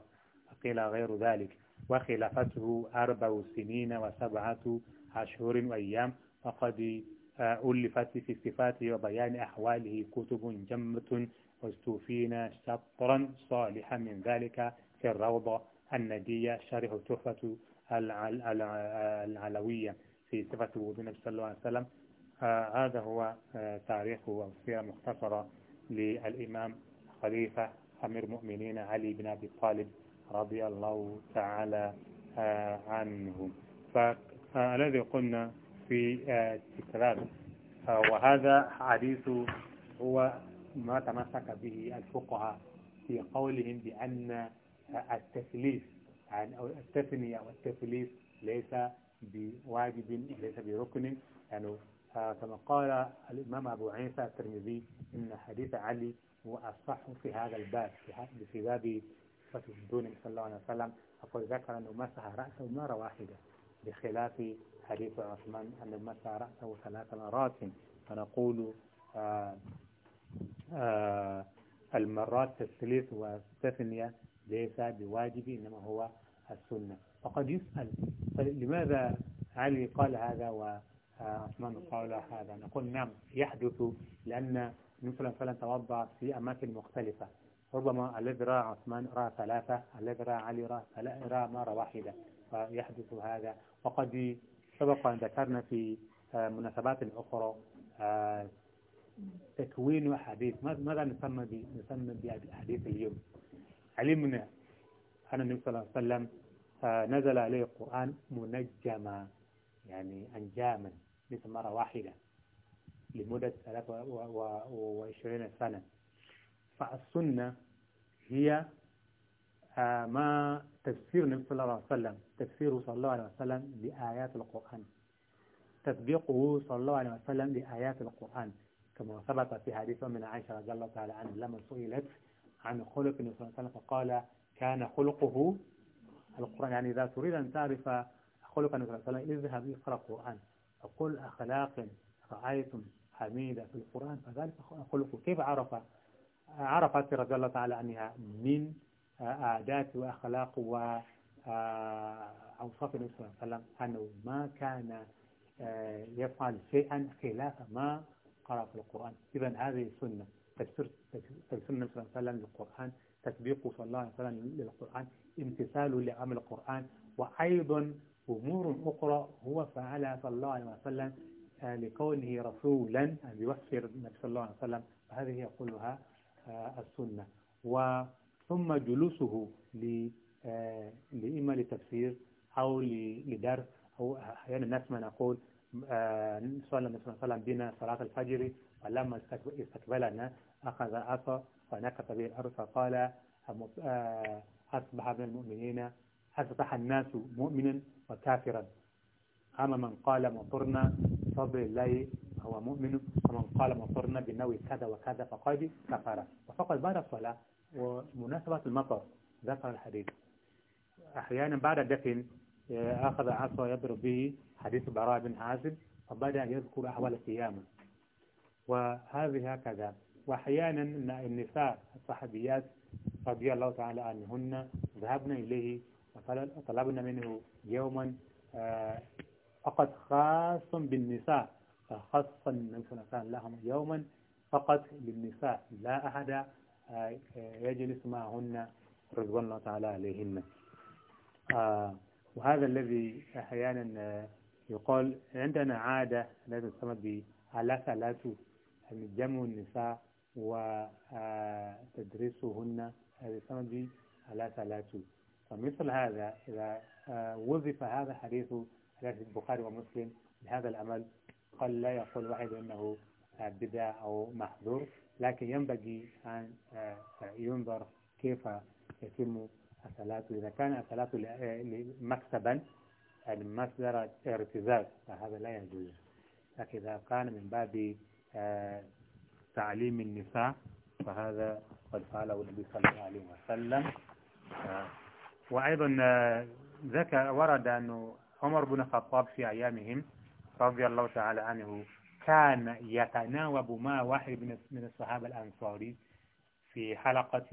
قيل غير ذلك وخلافته أربع سنين وسبعة أشهر وأيام وقد ألفت في صفاته وبيان أحواله كتب جمة واستوفينا شطرا صالحا من ذلك في الروضة النجية شرح تحفة العلوية في صفة وجود النبي صلى الله عليه وسلم آه، هذا هو تاريخ آه، تاريخه وسيرة مختصرة للإمام خليفة أمير المؤمنين علي بن أبي طالب رضي الله تعالى آه، عنه فالذي قلنا في آه، تكرار آه، وهذا حديث هو ما تمسك به الفقهاء في قولهم بأن آه، التثليث أو التثنية أو التثليث ليس بواجب ليس بركن يعني كما قال الإمام أبو عيسى الترمذي إن حديث علي هو الصح في هذا الباب في باب فتح الدون صلى الله عليه وسلم فقد ذكر أنه مسح رأسه مرة واحدة بخلاف حديث عثمان أن مسى رأسه ثلاث مرات فنقول آه، آه، المرات الثلاث والثانية ليس بواجب إنما هو السنة فقد يسأل لماذا علي قال هذا وعثمان قال هذا نقول نعم يحدث لأن مثلا فلا توضع في أماكن مختلفة ربما الذي رأى عثمان رأى ثلاثة الذي رأى علي رأى, رأى مرة واحدة فيحدث هذا وقد سبق أن ذكرنا في آه، مناسبات أخرى آه، تكوين أحاديث ماذا نسمى نسمى بحديث اليوم علمنا أن النبي صلى الله عليه وسلم آه، نزل عليه القرآن منجما يعني أنجاما مثل مرة واحدة لمدة 23 سنة فالسنة هي آه، ما تفسير النبي صلى الله عليه وسلم تفسيره صلى الله عليه وسلم لآيات القرآن تطبيقه صلى الله عليه وسلم لآيات القرآن كما ثبت في حديث من عائشة رضي الله تعالى عنها لما سئلت عن خلق النبي صلى الله عليه وسلم فقال كان خلقه القرآن يعني إذا تريد أن تعرف خلق النبي صلى الله عليه وسلم اذهب اقرأ القرآن فقل أخلاق رأيتم حميدة في القرآن فذلك خلقه كيف عرف عرفت رضي الله تعالى عنها من عاداته وأخلاقه آه، وأوصاف النبي صلى الله عليه وسلم أنه ما كان آه، يفعل شيئا خلاف ما قرأ في القرآن إذا هذه سنة تفسير النبي صلى الله عليه وسلم للقرآن تطبيقه صلى الله عليه وسلم للقرآن امتثاله لأمر القرآن وأيضا أمور أخرى هو فعلها صلى الله عليه وسلم آه، لكونه رسولا يعني بيوفر النبي صلى الله عليه وسلم هذه هي كلها السنة و ثم جلوسه آه، لإما لتفسير أو لدرس أو يعني أحيانا نسمع نقول آه، صلى الله عليه وسلم بنا صلاة الفجر فلما استقبلنا أخذ عصا فنكت به الأرض فقال آه، أصبح من المؤمنين أصبح الناس مؤمنا وكافرا أما من قال مطرنا بفضل الله هو مؤمن ومن قال مطرنا بنوي كذا وكذا فقد كفر وفقد بعد الصلاة ومناسبة المطر ذكر الحديث أحيانا بعد الدفن آه، أخذ عصا يضرب به حديث براء بن عازب فبدأ يذكر أحوال القيامة وهذه هكذا وأحيانا النساء الصحابيات رضي الله تعالى عنهن ذهبنا إليه وطلبنا منه يوما آه، فقط خاص بالنساء فخص النبي صلى الله عليه وسلم لهم يوما فقط للنساء لا أحد آه، يجلس معهن رضوان الله تعالى عليهن آه، وهذا الذي أحيانا آه، يقال عندنا عادة لا تسمى على ثلاث يعني جمع النساء وتدريسهن هذا يسمى على ثلاث فمثل هذا إذا وظف هذا حديث حديث البخاري ومسلم بهذا العمل قال لا يقول واحد أنه بدع أو محظور لكن ينبغي أن آه، آه، ينظر كيف يتم الصلاة إذا كان الصلاة آه، مكسبا مصدر ارتزاز فهذا لا يجوز لكن إذا كان من باب تعليم النساء فهذا قد فعله النبي صلى الله عليه وسلم وأيضا ذكر ورد أن عمر بن الخطاب في أيامهم رضي الله تعالى عنه كان يتناوب مع واحد من الصحابة الأنصاري في حلقة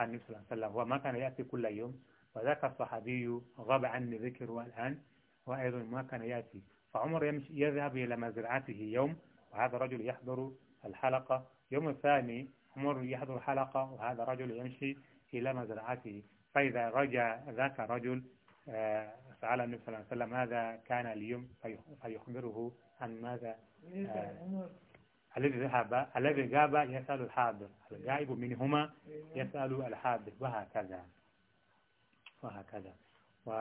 النبي صلى الله عليه وسلم وما كان يأتي كل يوم وذاك الصحابي غاب عني ذكره الآن وأيضا ما كان يأتي فعمر يمشي يذهب إلى مزرعته يوم وهذا الرجل يحضر الحلقة يوم الثاني عمر يحضر حلقة وهذا الرجل يمشي إلى مزرعته فإذا رجع ذاك الرجل آه، سأل النبي صلى الله عليه وسلم ماذا كان اليوم فيخبره عن ماذا إيه، آه، الذي ذهب الذي غاب يسأل الحاضر الغائب منهما إيه. يسأل الحاضر وهكذا وهكذا و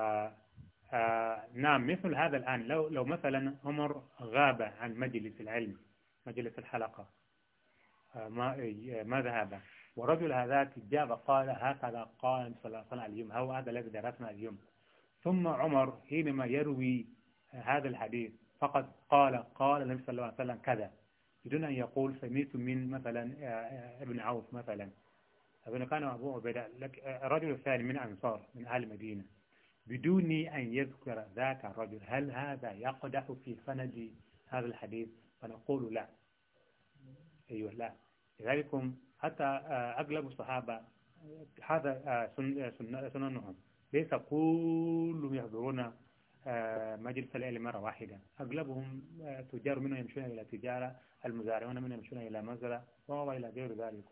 آه، نعم مثل هذا الآن لو لو مثلا عمر غاب عن مجلس العلم مجلس الحلقة آه، ما ما ذهب ورجل هذاك جاء وقال هكذا قال صلى الله عليه اليوم هو هذا الذي درسنا اليوم ثم عمر حينما يروي هذا الحديث فقد قال قال النبي صلى الله عليه وسلم كذا بدون أن يقول سمعت من مثلا آه، ابن عوف مثلا ابن كان أبو عبيدة آه، الرجل الثاني من أنصار من أهل المدينة بدون أن يذكر ذاك الرجل هل هذا يقدح في سند هذا الحديث فنقول لا أيوه لا لذلك حتى آه، أغلب الصحابة هذا سننهم ليس كلهم يحضرون آه، مجلس الليل مرة واحدة أغلبهم آه، تجار منهم يمشون إلى تجارة المزارعون منهم يمشون إلى مزرعة وما إلى غير ذلك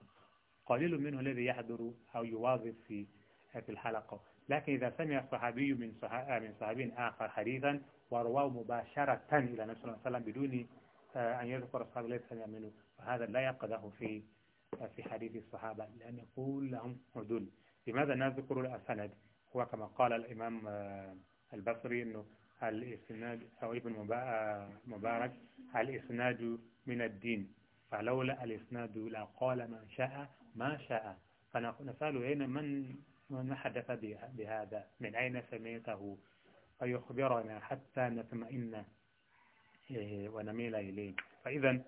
قليل منه الذي يحضر أو يواظب في آه، في الحلقة لكن إذا سمع صحابي من من صحابي آخر حديثا ورواه مباشرة إلى النبي صلى الله عليه وسلم بدون أن يذكر الصحابة الذي سمع منه فهذا لا يقضه في في حديث الصحابة لأن كلهم عدول لماذا نذكر الأسند هو كما قال الإمام البصري أنه الإسناد أو ابن مبارك الإسناد من الدين فلولا الإسناد لقال من شاء ما شاء فنسأل أين من من حدث بهذا من أين سمعته فيخبرنا حتى نطمئن إيه، ونميل إليه فإذا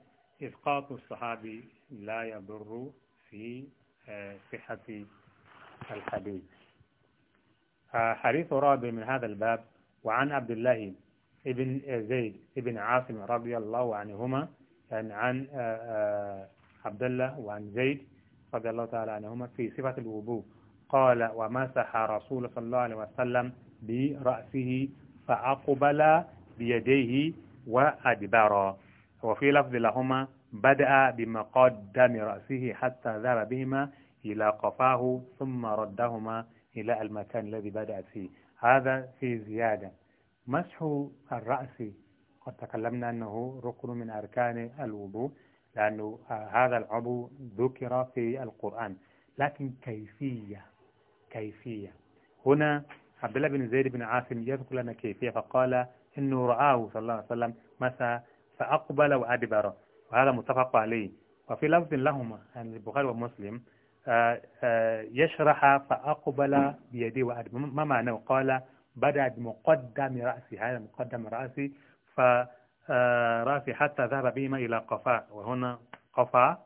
إسقاط الصحابي لا يضر في إيه، صحة الحديث حديث رابع من هذا الباب وعن عبد الله ابن زيد ابن عاصم رضي الله عنهما يعني عن آه، آه، عبد الله وعن زيد رضي الله تعالى عنهما في صفة الوضوء قال ومسح رسول صلى الله عليه وسلم برأسه فأقبل بيديه وأدبرا وفي لفظ لهما بدأ بمقدم رأسه حتى ذهب بهما إلى قفاه ثم ردهما إلى المكان الذي بدأت فيه هذا في زيادة مسح الرأس قد تكلمنا أنه ركن من أركان الوضوء لأن هذا العضو ذكر في القرآن لكن كيفية كيفية هنا عبد الله بن زيد بن عاصم يذكر لنا كيفية فقال إنه رآه صلى الله عليه وسلم مسح فأقبل وأدبر وهذا متفق عليه وفي لفظ لهما عن يعني البخاري ومسلم آه، آه، يشرح فأقبل بيدي وأد ما معنى قال بدأ بمقدم رأسي هذا مقدم رأسي فرأسي آه، حتى ذهب بهما إلى قفاء وهنا قفاء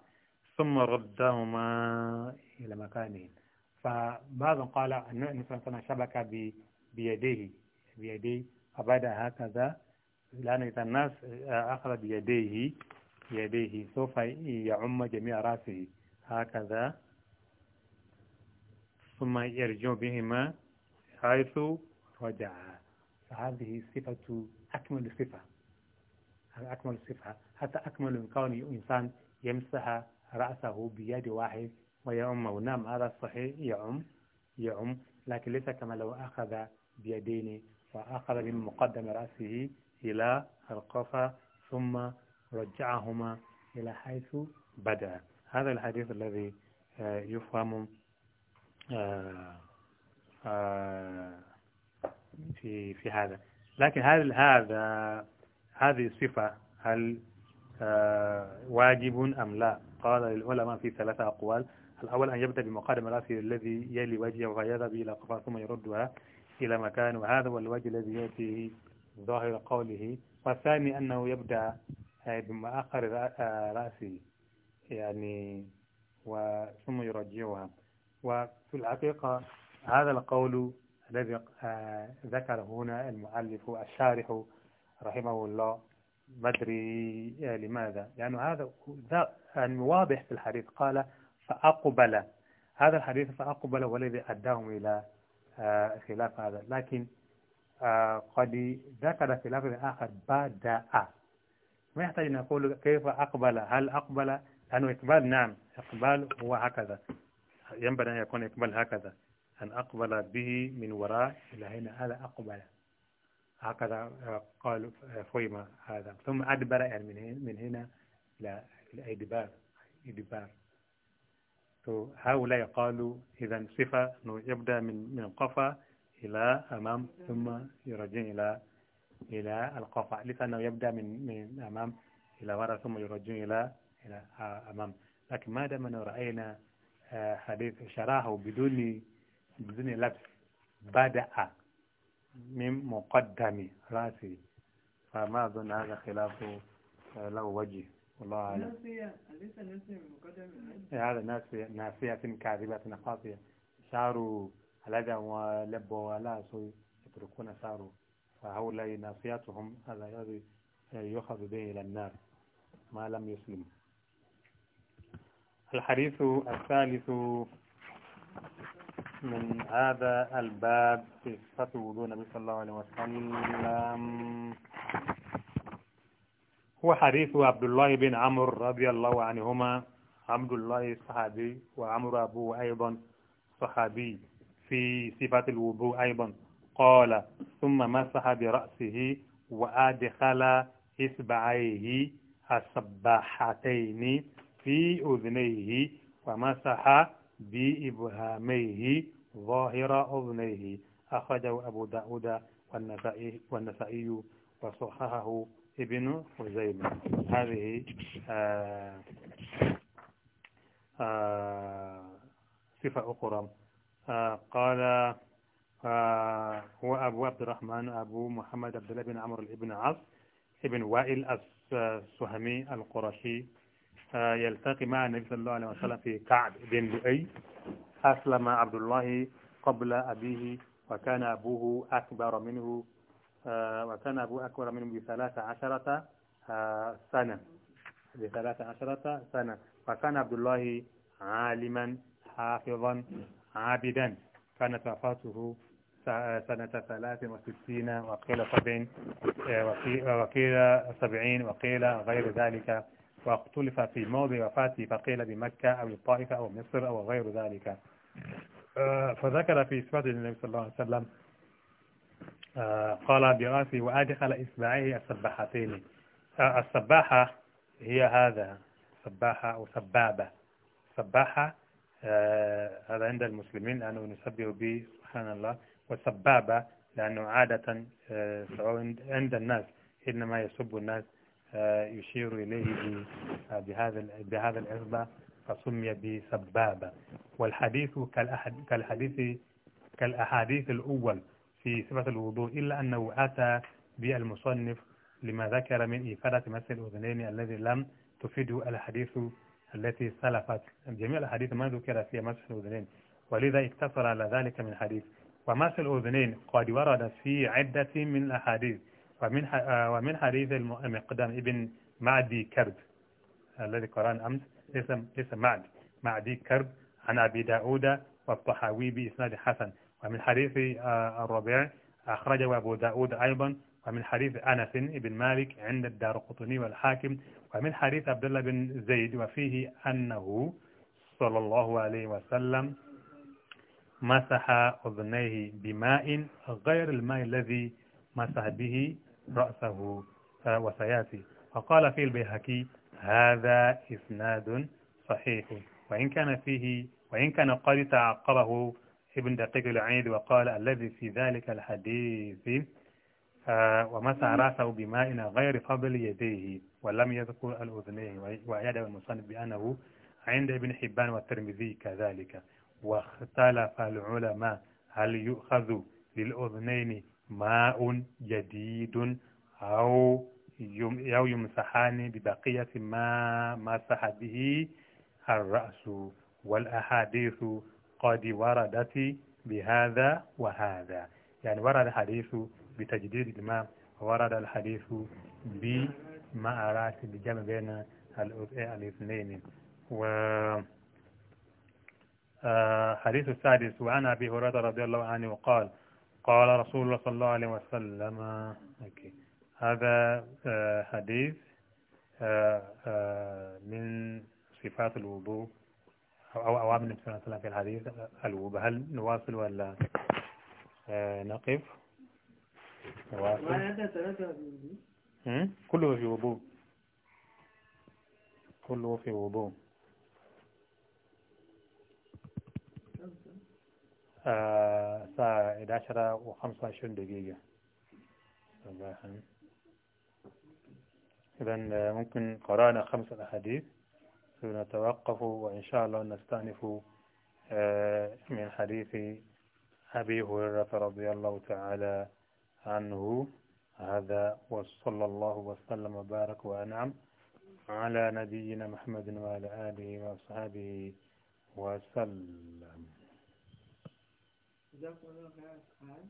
ثم ردهما إلى مكانهم فبعض قال أن الإنسان شبك بيديه بيديه فبدأ هكذا لأن إذا الناس أخذ بيديه يديه سوف يعم جميع رأسه هكذا ثم يرجع بهما حيث رجع فهذه صفة أكمل صفة أكمل صفة حتى أكمل من كون إنسان يمسح رأسه بيد واحد ويعم ونام هذا صحيح يعم يعم لكن ليس كما لو أخذ بيدين وأخذ من مقدم رأسه إلى القفا ثم رجعهما إلى حيث بدأ هذا الحديث الذي آه، يفهم آه، آه، في في هذا لكن هل هذا هذه الصفة هل آه، واجب أم لا قال العلماء في ثلاثة أقوال الأول أن يبدأ بمقدم الأصل الذي يلي وجهه ويذهب إلى قفاه ثم يردها إلى مكان وهذا هو الوجه الذي يأتي ظاهر قوله والثاني أنه يبدأ بمؤخر رأسه يعني وثم يرجعها وفي الحقيقة هذا القول الذي آه، ذكره هنا المؤلف الشارح رحمه الله مدري آه، لماذا لأنه يعني هذا واضح في الحديث قال فأقبل هذا الحديث فأقبل والذي أداهم إلى آه، خلاف هذا لكن قد ذكر في لفظ آخر بدأ ما يحتاج أن نقول كيف أقبل هل أقبل لأنه إقبال نعم إقبال هو هكذا ينبغي أن يكون إقبال هكذا أن أقبل به من وراء إلى هنا هذا أقبل هكذا قال فويما هذا ثم أدبر يعني من هنا من هنا إلى الإدبار إدبار هؤلاء قالوا إذا صفة أنه يبدأ من من قفا إلى أمام ثم يرجع إلى إلى القفا لأنه يبدأ من من أمام إلى وراء ثم يرجع إلى إلى أمام لكن ما دام رأينا حديث شراه بدون بدون لبس بدأ من مقدم رأسي فما أظن هذا خلاف له وجه والله أعلم أليس ناسية مقدم هذا ناسية ناسية كاذبة قاسية شعر الذي ولب ولا يتركون شعره فهؤلاء ناسياتهم هذا يؤخذ به إلى النار ما لم يسلم الحديث الثالث من هذا الباب في صفة وضوء النبي صلى الله عليه وسلم هو حديث عبد الله بن عمرو رضي الله عنهما عبد الله صحابي وعمر أبوه أيضا صحابي في صفة الوضوء أيضا قال ثم مسح برأسه وأدخل إصبعيه السباحتين في أذنيه ومسح بإبهاميه ظاهر أذنيه أخرجه أبو داود والنسائي, وصححه ابن خزيمة هذه آه، آه، صفة أخرى آه، قال هو أبو عبد الرحمن أبو محمد عبد الله بن عمرو بن عاص ابن وائل السهمي القرشي يلتقي مع النبي صلى الله عليه وسلم في كعب بن لؤي أسلم عبد الله قبل أبيه وكان أبوه أكبر منه آه، وكان أبوه أكبر منه بثلاث عشرة آه، سنة بثلاث عشرة سنة وكان عبد الله عالما حافظا عابدا كانت وفاته آه، سنة ثلاث وستين وقيل سبعين وقيل سبعين وقيل غير ذلك واختلف في موضع وفاته فقيل بمكة أو الطائفة أو مصر أو غير ذلك آه، فذكر في إثبات النبي صلى الله عليه وسلم آه، قال براسي وأدخل إسباعيه السباحتين آه، السباحة هي هذا سباحة أو سبابة سباحة هذا عند المسلمين لأنه نسبه به سبحان الله وسبابة لأنه عادة عند الناس إنما يسب الناس يشير إليه بهذا بهذا العصبة فسمي بسبابة والحديث كالحديث كالأحاديث الأول في صفة الوضوء إلا أنه أتى بالمصنف لما ذكر من إفادة مس الأذنين الذي لم تفيده الحديث التي سلفت جميع الحديث ما ذكر فيها مس الأذنين ولذا اقتصر على ذلك من حديث ومس الأذنين قد ورد في عدة من الأحاديث ومن آه، ومن حديث المقدام ابن معدي كرب الذي قرأنا أمس اسم اسم معدي معدي كرب عن أبي داود والطحاوي بإسناد حسن ومن حديث آه، الربيع أخرجه أبو داود أيضا ومن حديث أنس بن مالك عند الدار قطني والحاكم ومن حديث عبد الله بن زيد وفيه أنه صلى الله عليه وسلم مسح أذنيه بماء غير الماء الذي مسح به رأسه آه، وسيأتي فقال في البيهقي هذا إسناد صحيح وإن كان فيه وإن كان قد تعقبه ابن دقيق العيد وقال الذي في ذلك الحديث آه، ومسح رأسه بماء غير قبل يديه ولم يذكر الأذنين وأيده المصنف بأنه عند ابن حبان والترمذي كذلك واختلف العلماء هل يؤخذ للأذنين ماء جديد أو أو يمسحان ببقية ما مسح به الرأس والأحاديث قد وردت بهذا وهذا يعني ورد الحديث بتجديد الماء ورد الحديث بما أراد بجمع بين الاثنين و آه، حديث السادس وعن أبي هريرة رضي الله عنه قال قال رسول الله صلى الله عليه وسلم أوكي. هذا آه، حديث آه، آه، من صفات الوضوء أو أوامر النبي صلى الله عليه وسلم في الحديث الوضوء هل نواصل ولا نقف؟ نواصل كله في وضوء كله في وضوء الساعة 11 و 25 دقيقة صباحا إذا آه، ممكن قرأنا خمس أحاديث سنتوقف وإن شاء الله نستأنف آه، من حديث أبي هريرة رضي الله تعالى عنه هذا وصلى الله وسلم وبارك وأنعم على نبينا محمد وعلى آله وصحبه وسلم খায়